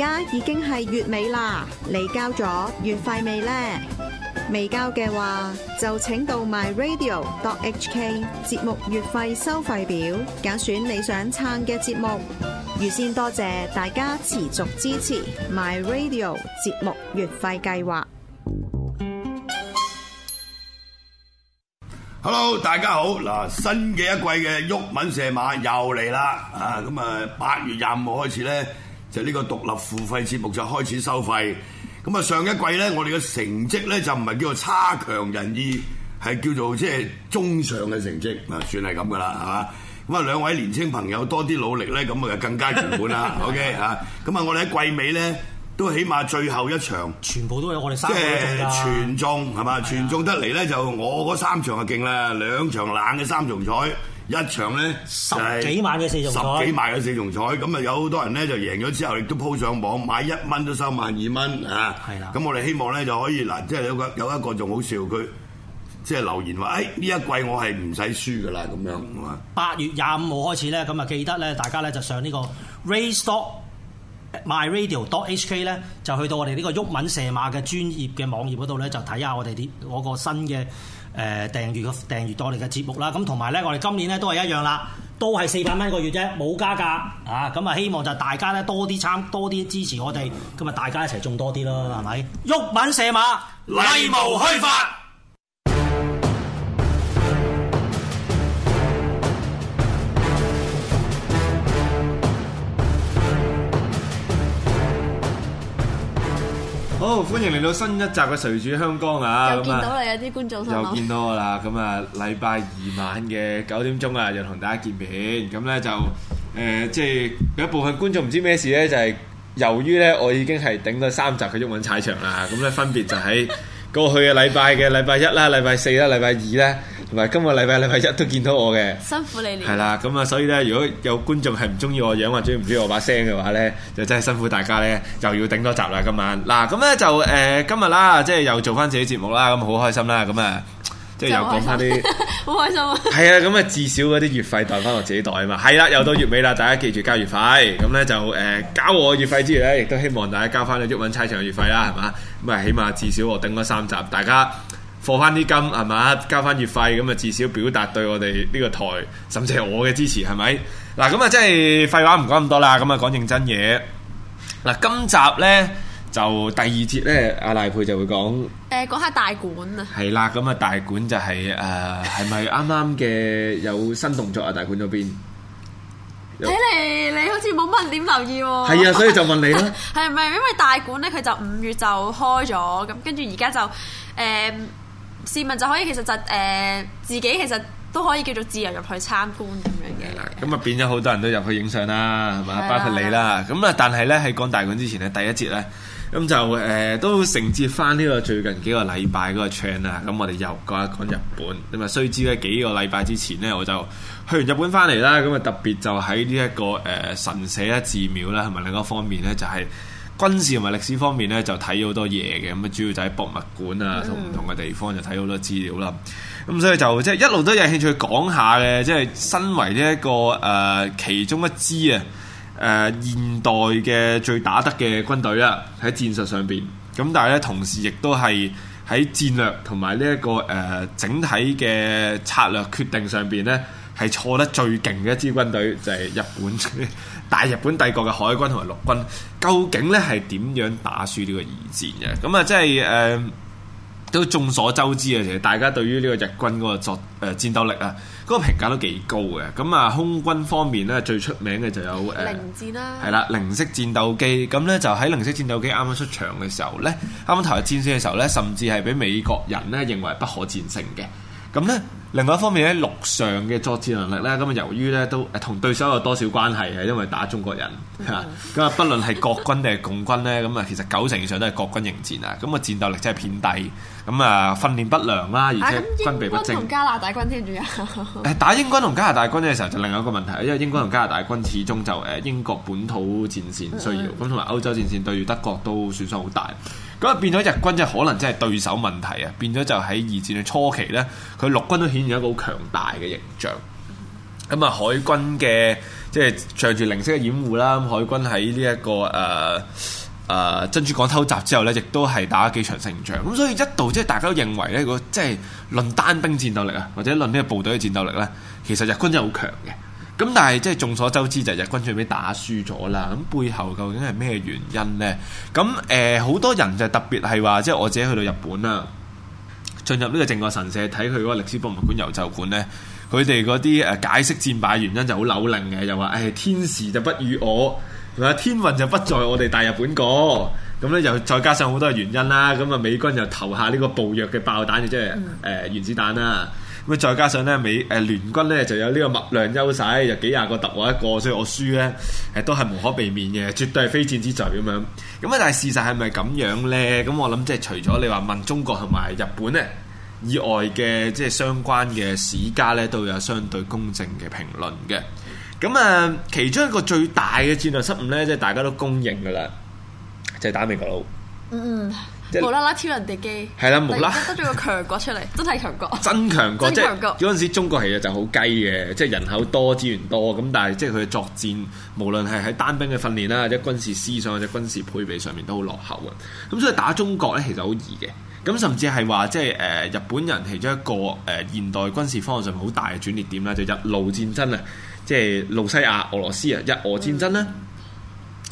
而家已經係月尾啦，你交咗月費未呢？未交嘅話，就請到 myradio.hk 節目月費收費表，揀選你想撐嘅節目。預先多謝大家持續支持 myradio 節目月費計劃。Hello，大家好，嗱新嘅一季嘅鬱文社馬又嚟啦啊！咁啊，八月廿五號開始咧。就呢個獨立付費節目就開始收費，咁啊上一季咧，我哋嘅成績咧就唔係叫做差強人意，係叫做即係中上嘅成績啊，算係咁噶啦，係嘛？咁啊兩位年青朋友多啲努力咧，咁啊就更加圓滿啦。OK 啊，咁啊我哋喺季尾咧都起碼最後一場，全部都係我哋三場即係全中係嘛？是啊、全中得嚟咧就我嗰三場就勁啦，兩場冷嘅三重彩。一場咧十幾萬嘅四重彩，十幾萬嘅四重彩，咁啊、嗯、有好多人咧就贏咗之後，亦都鋪上網買一蚊都收萬二蚊啊！係啦，咁我哋希望咧就可以嗱，即係有個有一個仲好笑，佢即係留言話，誒呢、哎、一季我係唔使輸噶啦咁樣八、啊、月廿五號開始咧，咁啊記得咧，大家咧就上呢個 raystop.myradio.hk 咧，就去到我哋呢個毓民射馬嘅專業嘅網頁嗰度咧，就睇下我哋啲我個新嘅。誒、呃、訂閱個訂閱多啲嘅節目啦，咁同埋咧，我哋今年咧都係一樣啦，都係四百蚊一個月啫，冇加價啊！咁啊，希望就大家咧多啲參多啲支持我哋，咁啊、嗯，今日大家一齊種多啲咯，係咪、嗯？玉吧品射馬，例無虛發。好，歡迎嚟到新一集嘅誰主香江」啊！又見到啦，有啲、啊、觀眾又見到我啦！咁啊， 禮拜二晚嘅九點鐘啊，又同大家見面。咁咧就誒、呃，即係有一部分觀眾唔知咩事咧，就係、是、由於咧，我已經係頂咗三集嘅毓民》踩場啦。咁咧分別就喺。 過去嘅禮拜嘅禮拜一啦、禮拜四啦、禮拜二啦，同埋今個禮拜禮拜一都見到我嘅，辛苦你啦。係啦，咁啊，所以咧，如果有觀眾係唔中意我樣或者唔中意我把聲嘅話咧，就真係辛苦大家咧，又要頂多集啦。今晚嗱，咁咧就誒、呃，今日啦，即係又做翻自己節目啦，咁好開心啦，咁啊。即係又講翻啲，好開心啊！係啊，咁啊，至少嗰啲月費袋翻我自己袋啊嘛。係啦，又到月尾啦，大家記住交月費。咁咧就誒、呃，交我月費之餘咧，亦都希望大家交翻啲郁穩差餉月費啦，係嘛。咁啊，起碼至少我頂多三集，大家放翻啲金係嘛，交翻月費，咁啊，至少表達對我哋呢個台，甚至係我嘅支持，係咪？嗱，咁啊，真係廢話唔講咁多啦，咁啊，講認真嘢。嗱，今集咧。就第二節咧，阿賴珮就會講，誒、呃，講下大館啊。係啦，咁啊、就是，大館就係誒，係咪啱啱嘅有新動作館邊啊？大館嗰邊？睇嚟你好似冇乜點留意喎。係啊，所以就問你啦。係咪 因為大館咧，佢就五月就開咗，咁跟住而家就誒、呃，市民就可以其實就誒、呃，自己其實都可以叫做自由入去參觀咁樣嘅。咁啊、嗯，變咗好多人都入去影相啦，係嘛、嗯，包括你啦。咁啊、嗯，但係咧喺講大館之前咧，第一節咧。咁就誒、呃、都承接翻呢個最近幾個禮拜嗰個 channel 啦咁我哋又講一講日本。咁啊，須知咧幾個禮拜之前呢，我就去完日本翻嚟啦。咁啊，特別就喺呢、這個呃、一個誒神社咧、寺廟啦，同埋另一方面呢，就係、是、軍事同埋歷史方面呢，就睇好多嘢嘅。咁啊，主要就喺博物館啊，同唔同嘅地方就睇好多資料啦。咁、嗯、所以就即係、就是、一路都有興趣講下嘅，即、就、係、是、身為呢、這、一個誒、呃、其中一支啊。誒、呃、現代嘅最打得嘅軍隊啊，喺戰術上邊，咁但係咧同時亦都係喺戰略同埋呢一個誒、呃、整體嘅策略決定上邊咧，係錯得最勁嘅一支軍隊就係、是、日本 大日本帝國嘅海軍同埋陸軍，究竟咧係點樣打輸呢個二戰嘅？咁、嗯、啊，即係誒、呃、都眾所周知啊，其實大家對於呢個日軍嗰個作誒、呃、戰鬥力啊。個評價都幾高嘅，咁啊空軍方面咧最出名嘅就有誒，係、呃、啦，零式戰、啊、戰鬥機，咁咧就喺零式戰鬥機啱啱出場嘅時候咧，啱啱投入戰線嘅時候咧，甚至係俾美國人咧認為不可戰勝嘅，咁咧。另外一方面咧，陸上嘅作戰能力咧，咁啊由於咧都同對手有多少關係啊？因為打中國人嚇，咁啊，不論係國軍定係共軍咧，咁啊 其實九成以上都係國軍迎戰啊，咁啊戰鬥力真係偏低，咁啊訓練不良啦，啊、而且軍備不精。同加拿大軍添住啊！誒 打英軍同加拿大軍嘅時候，就另外一個問題，因為英軍同加拿大軍始終就誒英國本土戰線需要，咁同埋歐洲戰線對住德國都損傷好大。咁啊變咗日軍即係可能真係對手問題啊！變咗就喺二戰嘅初期咧，佢陸軍都咗一個好強大嘅形象，咁、嗯、啊，海軍嘅即係仗住零式嘅掩護啦、嗯，海軍喺呢一個誒誒、呃呃、珍珠港偷襲之後呢，亦都係打咗幾場勝仗，咁、嗯、所以一度即係大家都認為呢個即係論單兵戰鬥力啊，或者論呢個部隊嘅戰鬥力呢，其實日軍真係好強嘅，咁、嗯、但係即係眾所周知就係、是、日軍最尾打輸咗啦，咁、嗯、背後究竟係咩原因呢？咁、嗯、誒，好、呃、多人就特別係話，即係我自己去到日本啊。進入呢個靖國神社，睇佢嗰個歷史博物館遊就館呢，佢哋嗰啲誒解釋戰敗原因就好扭擰嘅，又話誒天時就不與我，同天運就不在我哋大日本國，咁呢，又再加上好多原因啦，咁啊，美軍又投下呢個暴虐嘅爆彈，就即係誒原子彈啦。嗯啊再加上咧美誒、呃、聯軍咧就有呢個物量優勢，有幾廿個特我一個，所以我輸咧誒、呃、都係無可避免嘅，絕對係非戰之罪咁樣。咁啊，但係事實係咪咁樣咧？咁我諗即係除咗你話問中國同埋日本咧以外嘅即係相關嘅史家咧，都有相對公正嘅評論嘅。咁啊，其中一個最大嘅戰略失誤咧，即係大家都公認噶啦，就係打美國佬。嗯，嗯。即無啦啦超人哋機，係啦，無啦，得咗個強國出嚟，真係強國，真強國。嗰陣時中國其實就好雞嘅，即係人口多、資源多，咁但係即係佢嘅作戰，無論係喺單兵嘅訓練啦，或者軍事思想或者軍事配備上面都好落後嘅。咁所以打中國咧，其實好易嘅。咁甚至係話，即係誒、呃，日本人其中一個誒現代軍事方向上面好大嘅轉捩點啦，就是，日露戰爭啊，即係露西亞、俄羅斯啊，日俄戰爭啦。嗯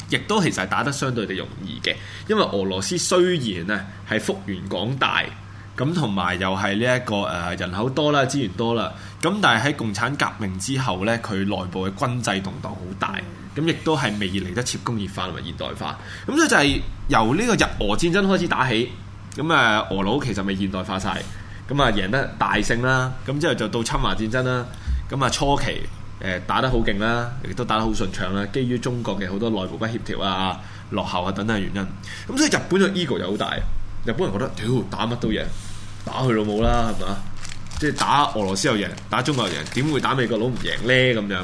亦都其實係打得相對地容易嘅，因為俄羅斯雖然咧，係幅員廣大，咁同埋又係呢一個誒、呃、人口多啦、資源多啦，咁但係喺共產革命之後呢，佢內部嘅軍制動盪好大，咁亦都係未嚟得切工業化同埋現代化。咁所以就係由呢個日俄戰爭開始打起，咁、呃、誒俄佬其實未現代化晒，咁啊贏得大勝啦，咁之後就到侵華戰爭啦，咁啊初期。打得好勁啦，亦都打得好順暢啦。基於中國嘅好多內部不協調啊、落後啊等等原因，咁所以日本嘅 ego 又好大。日本人覺得屌、呃、打乜都贏，打佢老母啦，係嘛？即係打俄羅斯又贏，打中國又贏，點會打美國佬唔贏呢？咁樣，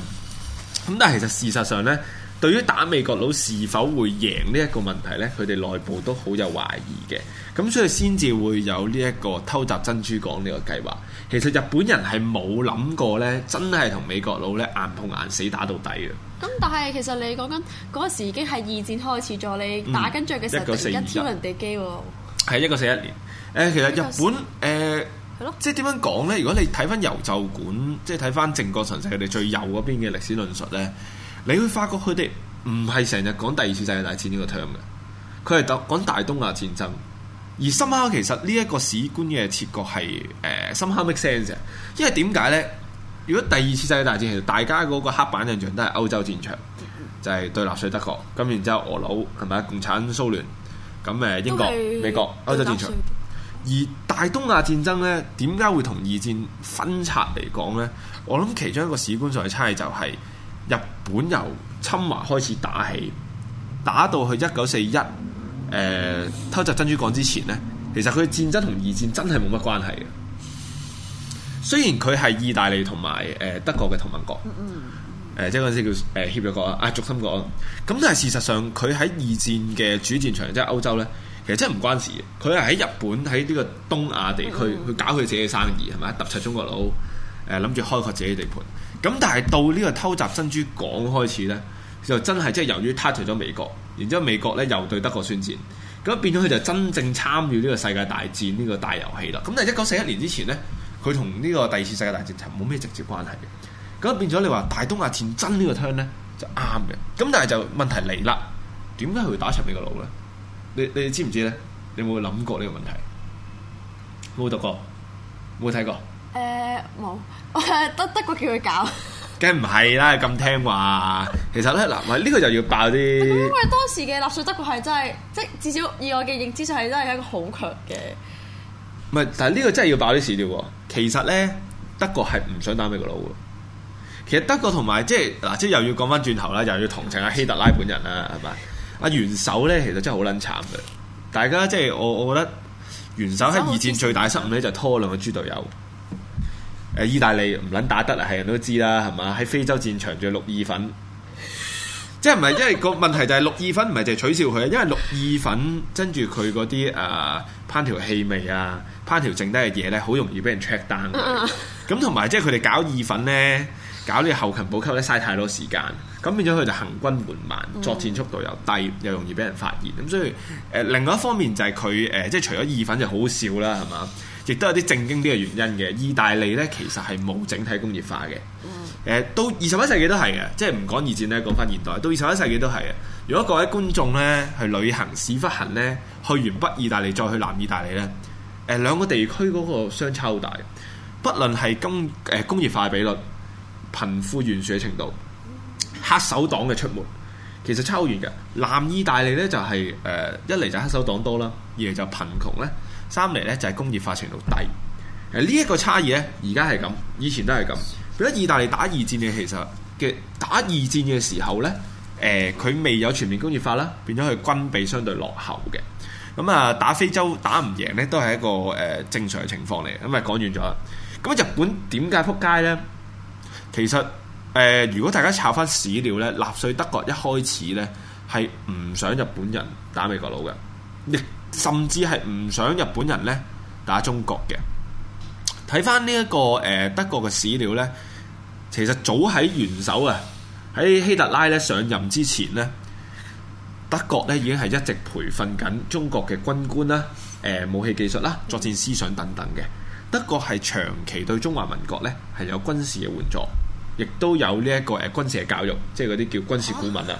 咁但係其實事實上呢。對於打美國佬是否會贏呢一個問題呢，佢哋內部都好有懷疑嘅。咁所以先至會有呢、這、一個偷襲珍珠港呢、這個計劃。其實日本人係冇諗過呢，真係同美國佬呢硬碰硬死打到底啊！咁但係其實你講緊嗰時已經係二戰開始咗，你打緊着嘅時候已經超人哋機係一九四一年，誒、呃，其實日本誒、呃、即係點樣講呢？如果你睇翻遊就館，即係睇翻靖國神社佢哋最右嗰邊嘅歷史論述呢。你會發覺佢哋唔係成日講第二次世界大戰呢個 term 嘅，佢係講大東亞戰爭。而深刻其實呢一個史觀嘅切角係誒深刻 make sense 因為點解呢？如果第二次世界大戰其實大家嗰個黑板印象都係歐洲戰場，就係、是、對納粹德國，咁然之後俄佬，係咪？共產蘇聯咁誒英國、美國歐洲戰場。而大東亞戰爭呢，點解會同二戰分拆嚟講呢？我諗其中一個史觀上嘅差異就係、是。日本由侵華開始打起，打到去一九四一，誒偷襲珍珠港之前呢，其實佢嘅戰爭同二戰真係冇乜關係嘅。雖然佢係意大利同埋誒德國嘅同盟國，誒、嗯嗯呃、即係嗰陣時叫誒協約國啊，啊軸心國，咁但係事實上佢喺二戰嘅主戰場即係歐洲呢，其實真係唔關事，佢係喺日本喺呢個東亞地區去搞佢自己嘅生意係咪，抌柒中國佬，誒諗住開拓自己地盤。咁但係到呢個偷襲珍珠港開始呢，就真係即係由於他除咗美國，然之後美國呢又對德國宣戰，咁變咗佢就真正參與呢個世界大戰呢個大遊戲啦。咁但係一九四一年之前呢，佢同呢個第二次世界大戰就冇咩直接關係嘅。咁變咗你話大東亞戰爭呢個 term 呢，就啱嘅。咁但係就問題嚟啦，點解佢會打美國佬呢？你你知唔知呢？你有冇諗過呢個問題？冇讀過，冇睇過。誒，冇、呃，德德國叫佢搞，梗唔係啦，咁聽話。 其實咧嗱，呢、這個又要爆啲。咁因為當時嘅納粹德國係真係，即係至少以我嘅認知就係真係一個好強嘅。唔係，但係呢個真係要爆啲史料。其實咧，德國係唔想打美國佬嘅。其實德國同埋即係嗱，即係又要講翻轉頭啦，又要同情阿希特拉本人啦，係咪？阿元首咧，其實真係好撚慘嘅。大家即係，我我覺得元首喺二戰最大失誤咧，就拖兩個豬隊友。意大利唔撚打得啦，係人都知啦，係嘛？喺非洲戰場仲有綠意粉，即係唔係？因為個問題就係綠意粉唔係淨係取笑佢啊，因為綠意粉跟住佢嗰啲誒烹調氣味啊，烹調剩低嘅嘢呢，好容易俾人 check down。咁同埋即係佢哋搞意粉呢，搞呢後勤補給咧，嘥太多時間，咁變咗佢就行軍緩慢，作戰速度又低，又容易俾人發現。咁所以誒，另外一方面就係佢誒，即係除咗意粉就好笑啦，係嘛？亦都有啲正經啲嘅原因嘅。意大利呢，其實係冇整體工業化嘅。嗯、到二十一世紀都係嘅，即係唔講二戰咧，講翻現代，到二十一世紀都係嘅。如果各位觀眾呢，去旅行屎忽痕呢，去完北意大利再去南意大利呢，誒、呃、兩個地區嗰個相差好大，不論係工、呃、工業化比率、貧富懸殊嘅程度、黑手黨嘅出沒，其實差好遠嘅。南意大利呢、就係，呃、就係誒一嚟就黑手黨多啦，二嚟就貧窮呢。三嚟咧就係、是、工業化程度低，誒呢一個差異咧而家係咁，以前都係咁。變咗意大利打二戰嘅其實嘅打二戰嘅時候咧，誒佢未有全面工業化啦，變咗佢軍備相對落後嘅。咁、呃、啊打非洲打唔贏咧都係一個誒、呃、正常嘅情況嚟，咁咪講完咗啦。咁、嗯、日本點解撲街咧？其實誒、呃、如果大家炒翻史料咧，納粹德國一開始咧係唔想日本人打美國佬嘅。甚至係唔想日本人呢打中國嘅，睇翻呢一個誒、呃、德國嘅史料呢，其實早喺元首啊喺希特拉咧上任之前呢，德國呢已經係一直培訓緊中國嘅軍官啦、呃、武器技術啦、作戰思想等等嘅。德國係長期對中華民國呢係有軍事嘅援助，亦都有呢、這、一個誒、呃、軍事嘅教育，即係嗰啲叫軍事顧問啊。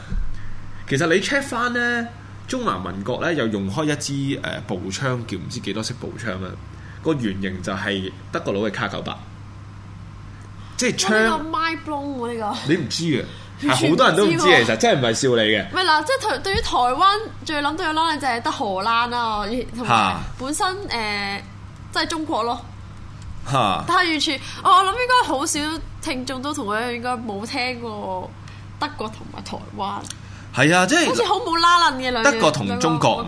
其實你 check 翻呢。中華民國咧又用開一支誒步槍，叫唔知幾多式步槍啦。個原型就係德國佬嘅卡九八，即係槍。你唔知啊？好多人都唔知，知其實，真係唔係笑你嘅。唔係嗱，即係對於台灣最諗到嘅囉就係得荷蘭啦、啊，同埋本身誒即係中國咯。哈但係完全，我我諗應該好少聽眾都同佢一樣，應該冇聽過德國同埋台灣。係啊，即係好似好冇拉褦嘅兩個國家，德國同中國，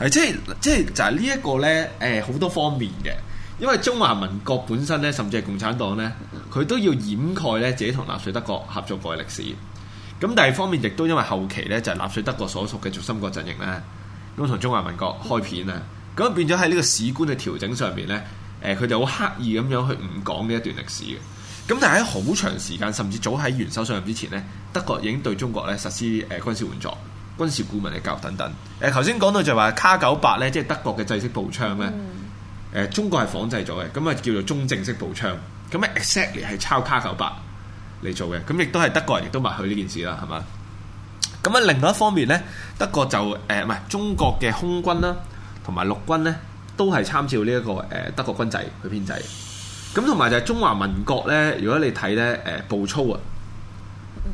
係即係即係就係呢一個咧，誒好多方面嘅。因為中華民國本身咧，甚至係共產黨咧，佢都要掩蓋咧自己同納粹德國合作過嘅歷史。咁第二方面亦都因為後期咧，就係納粹德國所屬嘅軸心國陣營咧，咁同中華民國開片啊，咁變咗喺呢個史觀嘅調整上邊咧，誒佢就好刻意咁樣去唔講呢一段歷史嘅。咁但係喺好長時間，甚至早喺元首上任之前咧，德國已經對中國咧實施誒軍事援助、軍事顧問嘅教育等等。誒頭先講到就話卡九八咧，即係德國嘅製式步槍咧。誒、嗯呃、中國係仿製咗嘅，咁啊叫做中正式步槍。咁 exactly 係抄卡九八嚟做嘅，咁亦都係德國人亦都默許呢件事啦，係嘛？咁啊，另外一方面咧，德國就誒唔係中國嘅空軍啦，同埋陸軍咧，都係參照呢、這、一個誒、呃、德國軍制去編制。咁同埋就係中華民國咧，如果你睇咧，誒、呃、步操啊，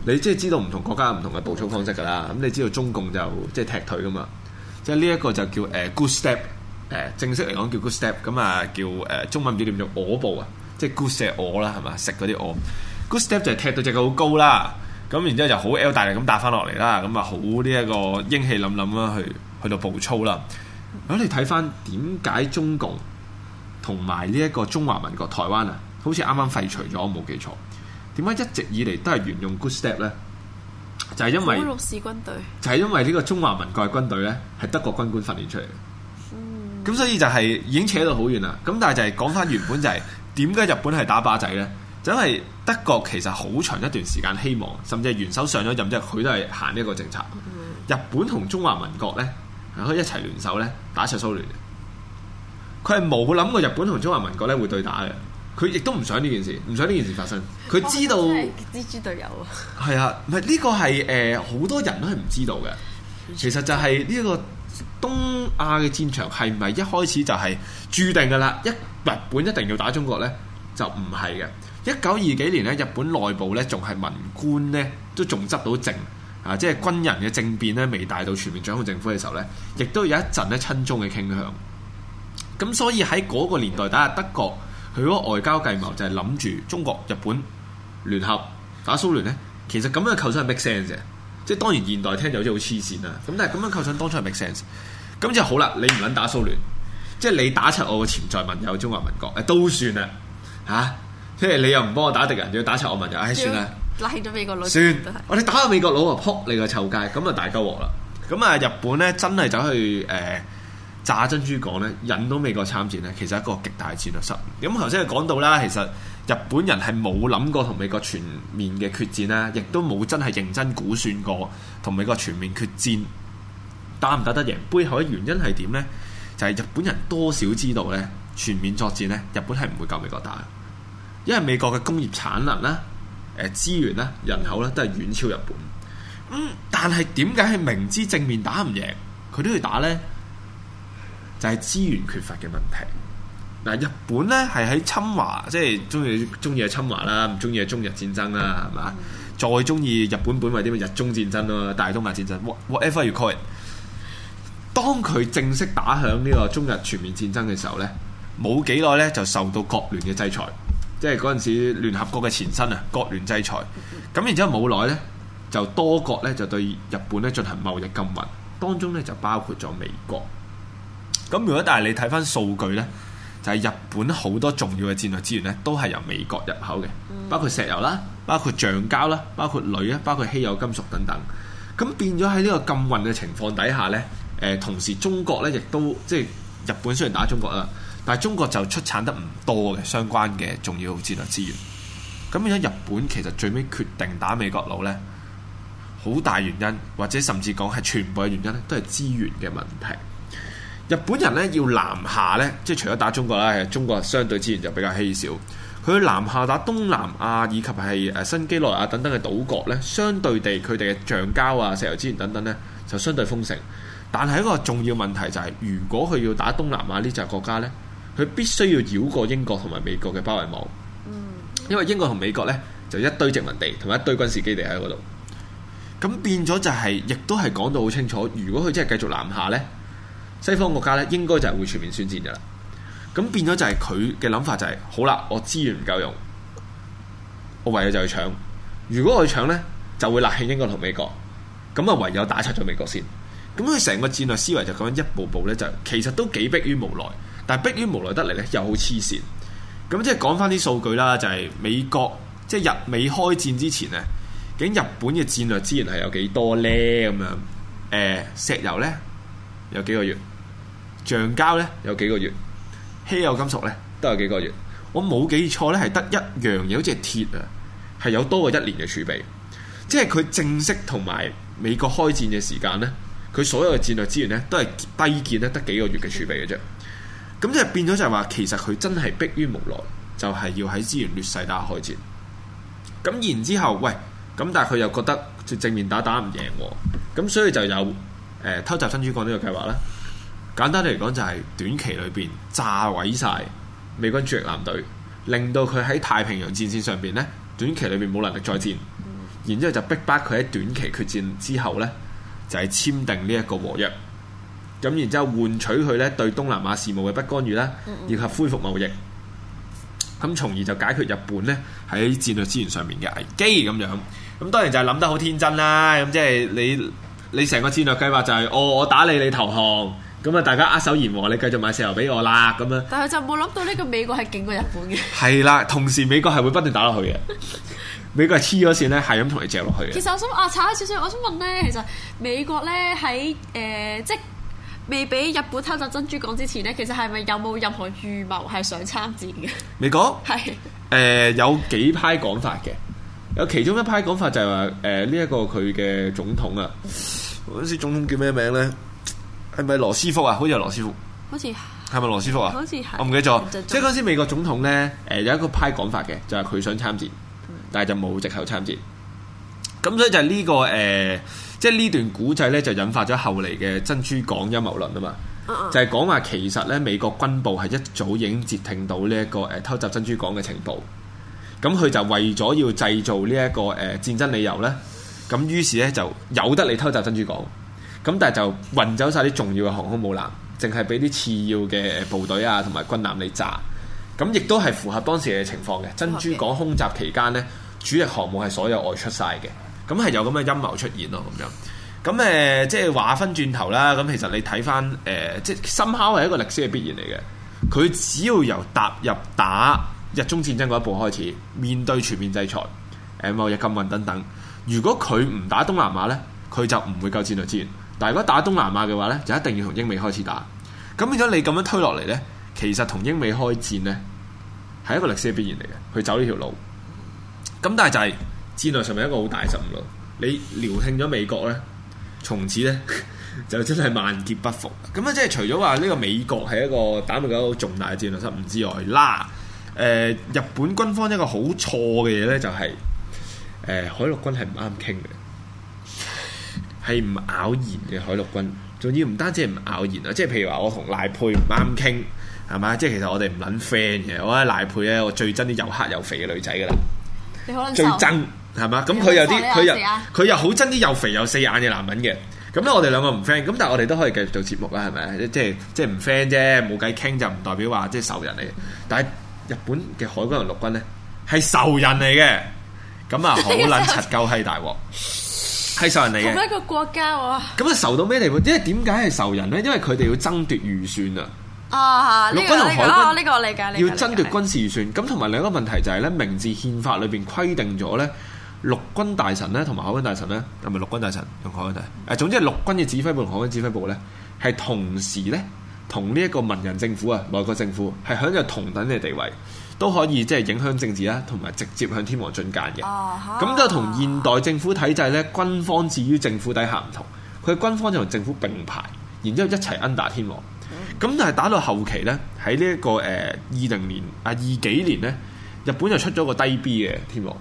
你即係知道唔同國家有唔同嘅步操方式噶啦。咁 Okay.、嗯、你知道中共就即係、就是、踢腿噶嘛，即係呢一個就叫誒、呃、good step，誒、呃、正式嚟講叫 good step，咁啊叫誒、呃、中文唔知點做我步啊，即、就、係、是、good 射我啦，係咪食嗰啲我 good step 就係踢到隻腳好高啦，咁然之後就好 l 大力咁打翻落嚟啦，咁啊好呢一個英氣凜凜啦去去到步操啦。如果你睇翻點解中共？同埋呢一個中華民國台灣啊，好似啱啱廢除咗，我冇記錯。點解一直以嚟都係沿用 Good Step 呢？就係、是、因為綠色就係因為呢個中華民國嘅軍隊呢，係德國軍官訓練出嚟嘅。咁、嗯、所以就係已經扯到好遠啦。咁但係就係講翻原本就係點解日本係打靶仔呢？就因、是、為德國其實好長一段時間希望，甚至係元首上咗任之後，佢都係行呢一個政策。日本同中華民國呢，可以一齊聯手呢，打一場蘇聯。佢係冇諗過日本同中華民國咧會對打嘅，佢亦都唔想呢件事，唔想呢件事發生。佢知道蜘蛛隊友啊，係啊，唔係呢個係誒好多人都係唔知道嘅。其實就係呢一個東亞嘅戰場係唔係一開始就係注定噶啦？一日本一定要打中國呢，就唔係嘅。一九二幾年咧，日本內部咧仲係文官咧都仲執到政啊，即係軍人嘅政變咧未帶到全面掌控政府嘅時候咧，亦都有一陣咧親中嘅傾向。咁所以喺嗰個年代打啊德國，佢嗰個外交計謀就係諗住中國、日本聯合打蘇聯呢。其實咁樣構想係 make sense 嘅，即係當然現代聽有啲好黐線啦。咁但係咁樣構想當初係 make sense。咁就好啦，你唔撚打蘇聯，即係你打柒我嘅潛在盟友中華民國，誒都算啦嚇。即、啊、係你又唔幫我打敵人，仲要打柒我盟友，唉、哎、算啦，賴咗美國佬。算了，是我哋打下美國佬啊，撲你個臭街，咁啊大鑊啦。咁啊日本呢，真係走去誒。呃炸珍珠港咧，引到美國參戰咧，其實係一個極大戰略失誤。咁頭先佢講到啦，其實日本人係冇諗過同美國全面嘅決戰啦，亦都冇真係認真估算過同美國全面決戰打唔打得贏。背後嘅原因係點呢？就係、是、日本人多少知道咧，全面作戰咧，日本係唔會夠美國打，因為美國嘅工業產能啦、誒、呃、資源啦、人口咧都係遠超日本。嗯、但係點解係明知正面打唔贏佢都要打呢？就係資源缺乏嘅問題。嗱，日本咧係喺侵華，即係中意中意係侵華啦，唔中意係中日戰爭啦，係嘛？嗯，再中意日本本位啲咩日中戰爭啦，大東亞戰爭。What, whatever you call it。當佢正式打響呢個中日全面戰爭嘅時候呢，冇幾耐呢就受到國聯嘅制裁，即係嗰陣時聯合國嘅前身啊，國聯制裁。咁然之後冇耐呢，就多國呢就對日本呢進行貿易禁運，當中呢就包括咗美國。咁如果但係你睇翻數據呢，就係日本好多重要嘅戰略資源呢，都係由美國入口嘅，包括石油啦，包括橡膠啦，包括鋁啊，包括稀有金屬等等。咁變咗喺呢個禁運嘅情況底下呢，誒同時中國呢，亦都即係日本雖然打中國啦，但係中國就出產得唔多嘅相關嘅重要戰略資源。咁變咗日本其實最尾決定打美國佬呢，好大原因，或者甚至講係全部嘅原因呢，都係資源嘅問題。日本人咧要南下咧，即係除咗打中國啦，中國相對資源就比較稀少。佢南下打東南亞以及係誒新幾內亞等等嘅島國咧，相對地佢哋嘅橡膠啊、石油資源等等咧就相對豐盛。但係一個重要問題就係、是，如果佢要打東南亞呢啲國家咧，佢必須要繞過英國同埋美國嘅包圍網。因為英國同美國咧就一堆殖民地同埋一堆軍事基地喺嗰度。咁變咗就係、是，亦都係講到好清楚，如果佢真係繼續南下咧。西方國家咧應該就係會全面宣戰噶啦，咁變咗就係佢嘅諗法就係、是：好啦，我資源唔夠用，我唯有就去搶。如果我去搶呢，就會鬧起英國同美國，咁啊唯有打殘咗美國先。咁佢成個戰略思維就咁樣一步步咧，就其實都幾逼於無奈，但係逼於無奈得嚟咧又好黐線。咁即係講翻啲數據啦，就係、是、美國即係、就是、日美開戰之前咧，究竟日本嘅戰略資源係有幾多呢？咁樣誒，石油呢，有幾個月？橡膠咧有幾個月，稀有金屬咧都有幾個月，我冇記錯咧係得一樣嘢，好似係鐵啊，係有多過一年嘅儲備，即係佢正式同埋美國開戰嘅時間咧，佢所有嘅戰略資源咧都係低見咧得幾個月嘅儲備嘅啫，咁即係變咗就係話其實佢真係逼於無奈，就係、是、要喺資源劣勢打開戰，咁然之後喂，咁但係佢又覺得就正面打打唔贏，咁所以就有誒、呃、偷襲珍珠港呢個計劃啦。簡單嚟講就係短期裏邊炸毀晒美軍主力艦隊，令到佢喺太平洋戰線上邊咧短期裏邊冇能力再戰，嗯、然之後就逼迫佢喺短期決戰之後咧就係、是、簽訂呢一個和約，咁然之後換取佢咧對東南亞事務嘅不干預啦，以及、嗯嗯、恢復貿易，咁從而就解決日本咧喺戰略資源上面嘅危機咁樣，咁當然就係諗得好天真啦，咁即係你你成個戰略計劃就係、是、我、哦、我打你你投降。咁啊！大家握手言和，你繼續買石油俾我啦。咁樣，但係就冇諗到呢個美國係勁過日本嘅。係啦，同時美國係會不斷打落去嘅。 美國係黐咗線咧，係咁同你借落去嘅。其實我想啊，插少少，我想問咧，其實美國咧喺誒，即係未俾日本偷襲珍珠港之前咧，其實係咪有冇任何預謀係想參戰嘅？美國係誒、 呃、有幾派講法嘅，有其中一派講法就係、是、話，誒呢一個佢嘅總統啊，嗰時 總統叫咩名咧？係咪羅斯福啊？好似係羅斯福。好似係。係咪羅斯福啊？好似係。我唔記得咗。即係嗰時美國總統咧，誒有一個派講法嘅，就係、是、佢想參戰，但係就冇借口參戰。咁所以就、這個呃就是、呢個誒，即係呢段古仔咧，就引發咗後嚟嘅珍珠港陰謀論啊嘛。就係講話其實咧，美國軍部係一早已經截聽到呢、這、一個誒、呃、偷襲珍珠港嘅情報。咁佢就為咗要製造呢、這、一個誒、呃、戰爭理由咧，咁於是咧就由得你偷襲珍珠港。咁但係就運走晒啲重要嘅航空母艦，淨係俾啲次要嘅部隊啊，同埋軍艦你炸，咁亦都係符合當時嘅情況嘅。珍珠港空襲期間呢，主力航母係所有外出晒嘅，咁係有咁嘅陰謀出現咯，咁樣咁誒、呃，即係話翻轉頭啦。咁其實你睇翻誒，即係珍珠港係一個歷史嘅必然嚟嘅。佢只要由踏入打日中戰爭嗰一步開始，面對全面制裁、誒貿易禁運等等，如果佢唔打東南亞呢，佢就唔會夠戰略資源。但如果打東南亞嘅話咧，就一定要同英美開始打。咁變咗你咁樣推落嚟咧，其實同英美開戰咧，係一個歷史嘅必然嚟嘅，佢走呢條路。咁但係就係戰略上面一個好大失誤。你撩聽咗美國咧，從此咧 就真係萬劫不復。咁啊，即係除咗話呢個美國係一個打唔到一重大嘅戰略失誤之外，啦、呃，誒日本軍方一個好錯嘅嘢咧，就係誒海陸軍係唔啱傾嘅。係唔咬言嘅海陸軍，仲要唔單止係唔咬言啊！即係譬如話我同賴佩唔啱傾，係嘛？即係其實我哋唔捻 friend 嘅。我覺得賴佩咧，我最憎啲又黑又肥嘅女仔噶啦，最憎係嘛？咁佢有啲佢又佢又好憎啲又肥又四眼嘅男人嘅。咁咧我哋兩個唔 friend，咁但係我哋都可以繼續做節目啦，係咪？即係即係唔 friend 啫，冇計傾就唔代表話即係仇人嚟嘅。但係日本嘅海軍同陸軍咧係仇人嚟嘅，咁啊好捻柒鳩閪大鑊。 係仇人嚟嘅。同一個國家，咁啊，仇到咩地步？因為點解係仇人咧？因為佢哋要爭奪預算啊。啊，陸軍同海軍，呢個理解，呢個理解，要爭奪軍事預算。咁同埋另一個問題就係咧，明治憲法裏邊規定咗咧，陸軍大臣咧同埋海軍大臣咧，係咪陸軍大臣同海軍大？誒，總之係陸軍嘅指揮部同海軍指揮部咧，係同時咧，同呢一個文人政府啊，內閣政府係享有同等嘅地位。都可以即係影響政治啦，同埋直接向天皇進諫嘅。哦、啊，咁就同現代政府體制咧，軍方置於政府底下唔同。佢軍方就同政府並排，然之後一齊 under 天皇。咁、嗯、但係打到後期咧，喺呢一個誒二零年啊二幾年咧，日本就出咗個低 B 嘅天皇。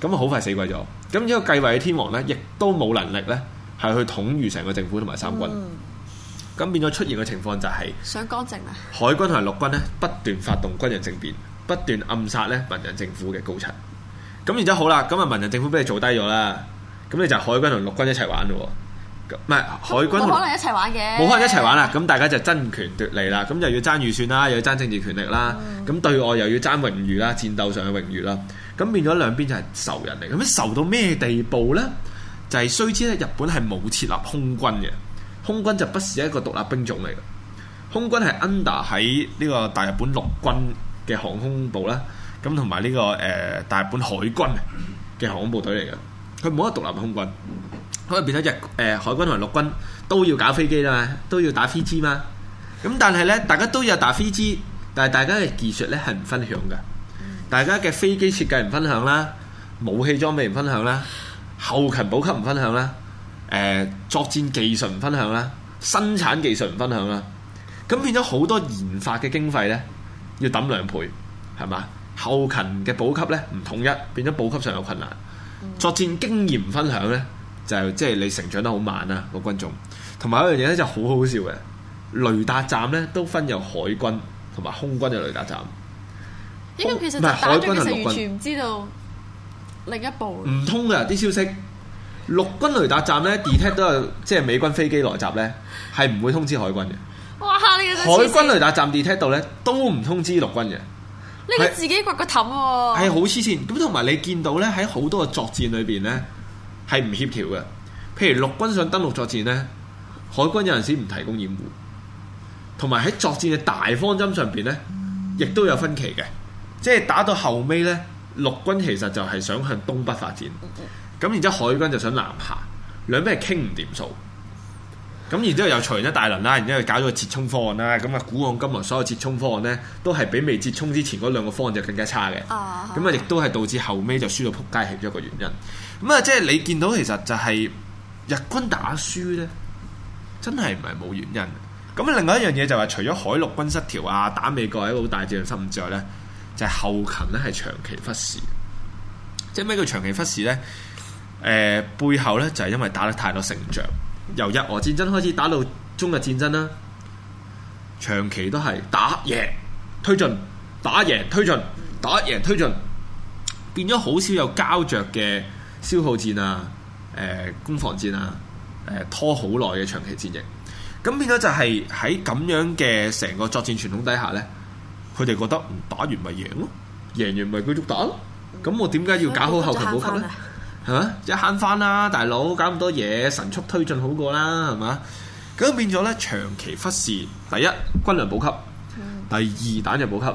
咁啊好快死鬼咗。咁呢個繼位嘅天皇咧，亦都冇能力咧，係去統御成個政府同埋三軍。嗯，咁變咗出現嘅情況就係想乾淨啊！海軍同陸軍咧，不斷發動軍人政變。不斷暗殺咧，文人政府嘅高層咁，然之後好啦，咁啊，文人政府俾你做低咗啦，咁你就海軍同陸軍一齊玩咯，唔係海軍可能一齊玩嘅冇可能一齊玩啦，咁大家就爭權奪利啦，咁又要爭預算啦，又要爭政治權力啦，咁、嗯、對外又要爭榮譽啦，戰鬥上嘅榮譽啦，咁變咗兩邊就係仇人嚟咁，仇到咩地步呢？就係雖知咧，日本係冇設立空軍嘅，空軍就不是一個獨立兵種嚟嘅，空軍係 under 喺呢個大日本陸軍。嘅航空部啦，咁同埋呢個誒大日本海軍嘅航空部隊嚟嘅，佢冇一個獨立空軍，所以變咗日誒海軍同陸軍都要搞飛機吖嘛，都要打飛機嘛。咁但係呢，大家都有打飛機，但係大家嘅技術呢係唔分享㗎，大家嘅飛機設計唔分享啦，武器裝備唔分享啦，後勤補給唔分享啦，誒作戰技術唔分享啦，生產技術唔分享啦，咁變咗好多研發嘅經費呢，要抌兩倍，係嘛？後勤嘅補給咧唔統一，變咗補給上有困難。嗯、作戰經驗分享咧，就即、是、係、就是、你成長得好慢啦，個軍種。同埋一樣嘢咧就好好笑嘅，雷達站咧都分有海軍同埋空軍嘅雷達站。呢個其實打完全唔知道另一部。唔通噶啲消息，陸軍雷達站咧 detect 都有即係美軍飛機來襲咧，係唔會通知海軍嘅。海軍雷達站地梯度咧，都唔通知陸軍嘅，是你自己掘個氹喎，係好黐線。咁同埋你見到咧，喺好多嘅作戰裏邊咧，係唔協調嘅。譬如陸軍想登陸作戰咧，海軍有陣時唔提供掩護，同埋喺作戰嘅大方針上邊咧，亦都有分歧嘅。即係打到後尾咧，陸軍其實就係想向東北發展，咁然之後海軍就想南下，兩邊係傾唔掂數。咁然之後又裁完一大輪啦，然之後搞咗個折衝方案啦，咁啊，古往今來所有折衝方案呢，都係比未折衝之前嗰兩個方案就更加差嘅。咁啊亦都係導致後尾就輸到仆街其中一個原因。咁、嗯、啊，即係你見到其實就係日軍打輸呢，真係唔係冇原因。咁、嗯、另外一樣嘢就係除咗海陸軍失調啊，打美國係一個好大戰略失誤之外呢，就係、是、後勤呢係長期忽視。即係咩叫長期忽視呢？呃、背後呢，就係、是、因為打得太多勝仗。由日俄戰爭開始打到中日戰爭啦，長期都係打贏推進，打贏推進，打贏推進，變咗好少有膠著嘅消耗戰啊，誒、呃、攻防戰啊，誒、呃、拖好耐嘅長期戰役。咁變咗就係喺咁樣嘅成個作戰傳統底下咧，佢哋覺得唔打完咪贏咯，贏完咪繼續打咯。咁我點解要搞好後勤補給咧？係嘛，一慳返啦，大佬搞咁多嘢，神速推進好過啦，係嘛，咁變咗咧，長期忽視第一軍糧補給，第二彈藥補給，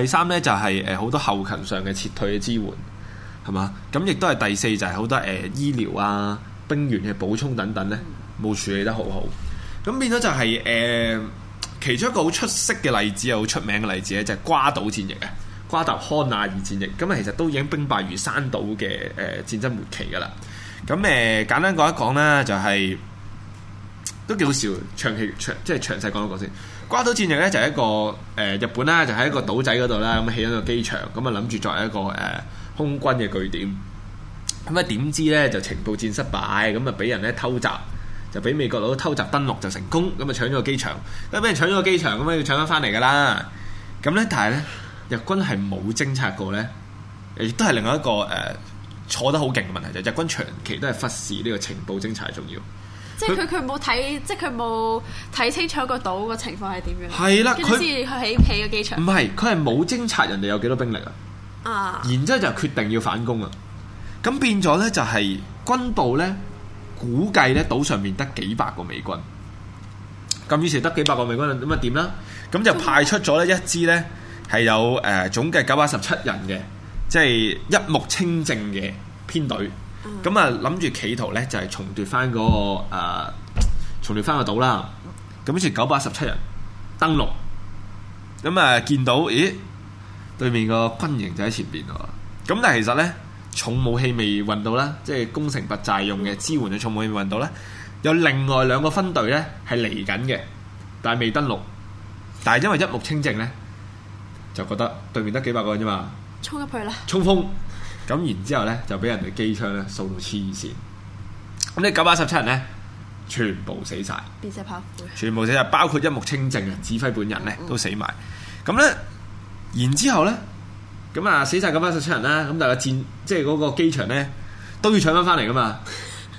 第三咧就係誒，好多後勤上嘅撤退嘅支援，係嘛，咁亦都係第四就係好多誒、呃、醫療啊、兵員嘅補充等等咧冇、嗯、處理得好好，咁變咗就係、是、誒、呃、其中一個好出色嘅例子又好出名嘅例子咧就係、是、瓜島戰役啊！瓜達康納爾戰役咁啊，其實都已經兵敗如山倒嘅誒戰爭末期噶啦。咁誒、呃、簡單講一講啦，就係、是、都幾好笑。長期長即係詳細講一講先。瓜島戰役咧就係、是、一個誒、呃、日本啦，就喺、是、一個島仔嗰度啦，咁起咗個機場，咁啊諗住作為一個誒、呃、空軍嘅據點。咁啊點知咧就情報戰失敗，咁啊俾人咧偷襲，就俾美國佬偷襲登陸就成功，咁啊搶咗個機場。咁啊俾人搶咗個機場，咁啊要搶翻翻嚟噶啦。咁咧但係咧。日軍係冇偵察過咧，亦都係另外一個誒錯、呃、得好勁嘅問題就係日軍長期都係忽視呢個情報偵查重要，即他。即係佢佢冇睇，即係佢冇睇清楚個島個情況係點樣。係啦，跟住佢喺喺個機場。唔係，佢係冇偵察人哋有幾多兵力啊！啊的！然之後就決定要反攻啊！咁變咗咧就係軍部咧估計咧島上面得幾百個美軍。咁於是得幾百個美軍咁啊點啦？咁就派出咗呢一支咧。係有誒、呃、總計九百一十七人嘅，即係一木清直嘅編隊。咁啊、嗯，諗住企圖咧就係、是、重奪翻、那個誒、呃、重奪翻個島啦。咁於是九百一十七人登陸，咁、嗯、啊見到咦對面個軍營就喺前邊啦。咁、嗯、但係其實咧重武器未運到啦，即係攻城拔寨用嘅支援嘅重武器未運到咧。有另外兩個分隊咧係嚟緊嘅，但係未登陸，但係因為一木清直咧。就覺得對面得幾百個人啫嘛，衝入去啦！衝鋒咁，然之後咧就俾人哋機槍咧掃到黐線。咁呢九百一十七人咧，全部死晒，變成炮灰，全部死晒，包括一木清正嘅指揮本人咧都死埋。咁咧、嗯嗯，然之後咧，咁啊死晒九百一十七人啦。咁但係戰即係嗰個機場咧都要搶翻翻嚟噶嘛。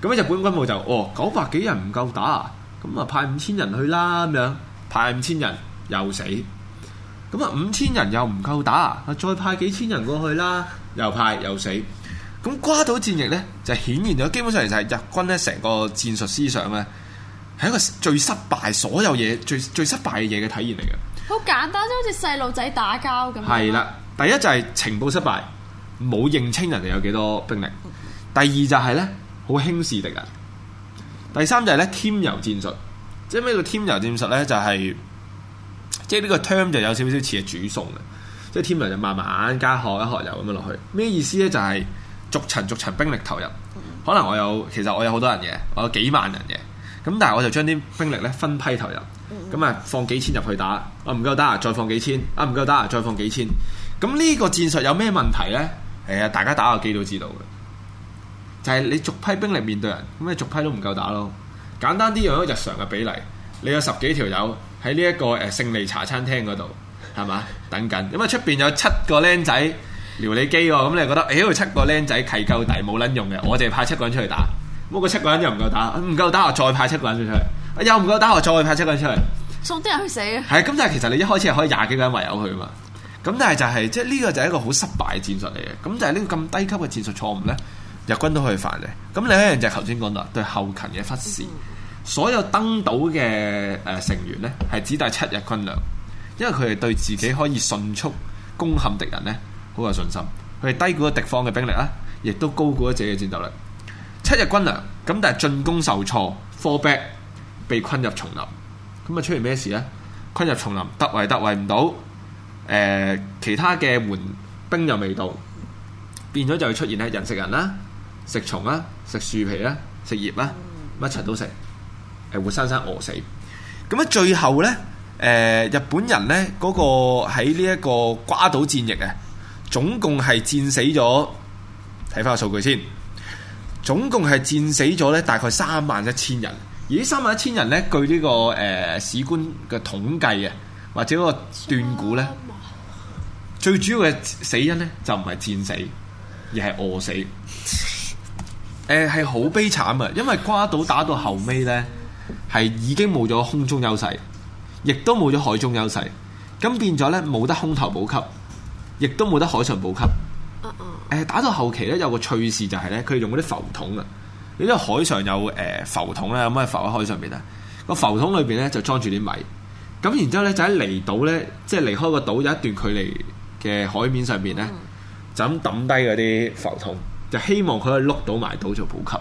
咁日本軍部就哦九百幾人唔夠打，咁啊派五千人去啦咁樣，派五千人又死。咁啊，五千人又唔夠打，再派幾千人過去啦，又派又死。咁瓜島戰役呢，就顯現咗基本上就係日軍呢成個戰術思想呢，係一個最失敗所有嘢最最失敗嘅嘢嘅體現嚟嘅。好簡單，好似細路仔打交咁。係啦，第一就係情報失敗，冇認清人哋有幾多兵力。第二就係呢，好輕視敵人。第三就係呢，添油戰術。即係咩叫添油戰術呢？就係、係。就係即係呢個 term 就有少少似係煮餸，啊！即係添就慢慢加學一學油咁樣落去，咩意思呢？就係、是、逐層逐層兵力投入。可能我有其實我有好多人嘅，我有幾萬人嘅，咁但係我就將啲兵力咧分批投入，咁啊放幾千入去打，啊唔夠打啊再放幾千，啊唔夠打啊再放幾千。咁、啊、呢、這個戰術有咩問題呢？係、哎、大家打個機都知道嘅，就係、是、你逐批兵力面對人，咁你逐批都唔夠打咯。簡單啲用一個日常嘅比例，你有十幾條友。喺呢一個誒、呃、勝利茶餐廳嗰度，係嘛等緊，因為出邊有七個僆仔撩你機喎，咁你覺得，誒、欸呃，七個僆仔契夠底冇撚用嘅，我哋派七個人出去打，咁個七個人又唔夠打，唔、啊、夠打我再派七個人出去。啊、又唔夠打我再派七個人出去，送啲人去死啊！係，咁但係其實你一開始係可以廿幾個人圍繞佢啊嘛，咁但係就係即係呢個就係一個好失敗嘅戰術嚟嘅，咁就係呢個咁低級嘅戰術錯誤咧，日軍都可以犯嘅。咁另一樣就係頭先講到，對後勤嘅忽視。所有登島嘅誒成員呢，係只帶七日軍糧，因為佢哋對自己可以迅速攻陷敵人呢，好有信心，佢哋低估咗敵方嘅兵力啊，亦都高估咗自己嘅戰鬥力。七日軍糧，咁但係進攻受挫，fall back，被困入叢林，咁啊出現咩事呢？困入叢林，突圍突圍唔到，誒、呃、其他嘅援兵又未到，變咗就會出現係人食人啦、啊，食蟲啦、啊，食樹皮啦、啊，食葉啦、啊，乜嘢都食。係活生生餓死，咁啊最後呢，誒、呃、日本人呢嗰，那個喺呢一個瓜島戰役啊，總共係戰死咗，睇翻個數據先，總共係戰死咗呢大概三萬一千人，而呢三萬一千人呢，據呢，這個誒、呃、史官嘅統計啊，或者個斷估呢，麼最主要嘅死因呢，就唔係戰死，而係餓死，誒係好悲慘啊，因為瓜島打到後尾呢，係已經冇咗空中優勢，亦都冇咗海中優勢，咁變咗呢，冇得空投補給，亦都冇得海上補給。哦、uh oh. 打到後期呢，有個趣事就係呢，佢用嗰啲浮筒啊，你知海上有誒浮筒咧，咁啊浮喺海上面啊，個浮筒裏邊呢，就裝住啲米，咁然之後呢，就喺離島呢，即係離開個島有一段距離嘅海面上面呢，uh oh. 就咁揼低嗰啲浮筒，就希望佢可以碌到埋島做補給。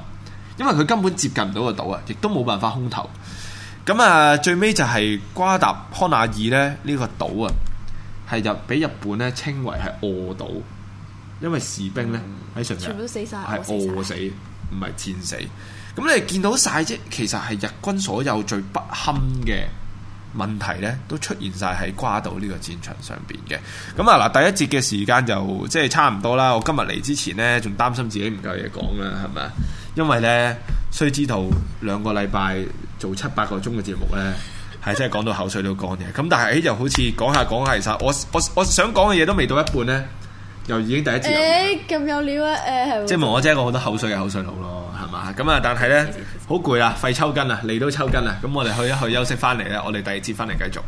因為佢根本接近唔到個島啊，亦都冇辦法空投。咁啊，最尾就係瓜達康那爾咧呢個島啊，係日俾日本咧稱為係餓島，因為士兵咧喺上面全部都死晒，係餓死，唔係戰死。咁你見到晒啫，其實係日軍所有最不堪嘅問題呢，都出現晒喺瓜島呢個戰場上邊嘅。咁啊嗱，第一節嘅時間就即係差唔多啦。我今日嚟之前呢，仲擔心自己唔夠嘢講啦，係咪啊？因為咧，雖知道兩個禮拜做七八個鐘嘅節目咧，係 真係講到口水都乾嘅。咁但係，又好似講下講下，其實我我我想講嘅嘢，都未到一半咧，又已經第一節。誒、欸，咁有料啊！誒、呃，即係無我真係講好多口水嘅口水佬咯，係嘛？咁啊，但係咧，好攰啊，肺抽筋啊，脷都抽筋啊！咁我哋去一去休息翻嚟咧，我哋第二節翻嚟繼續。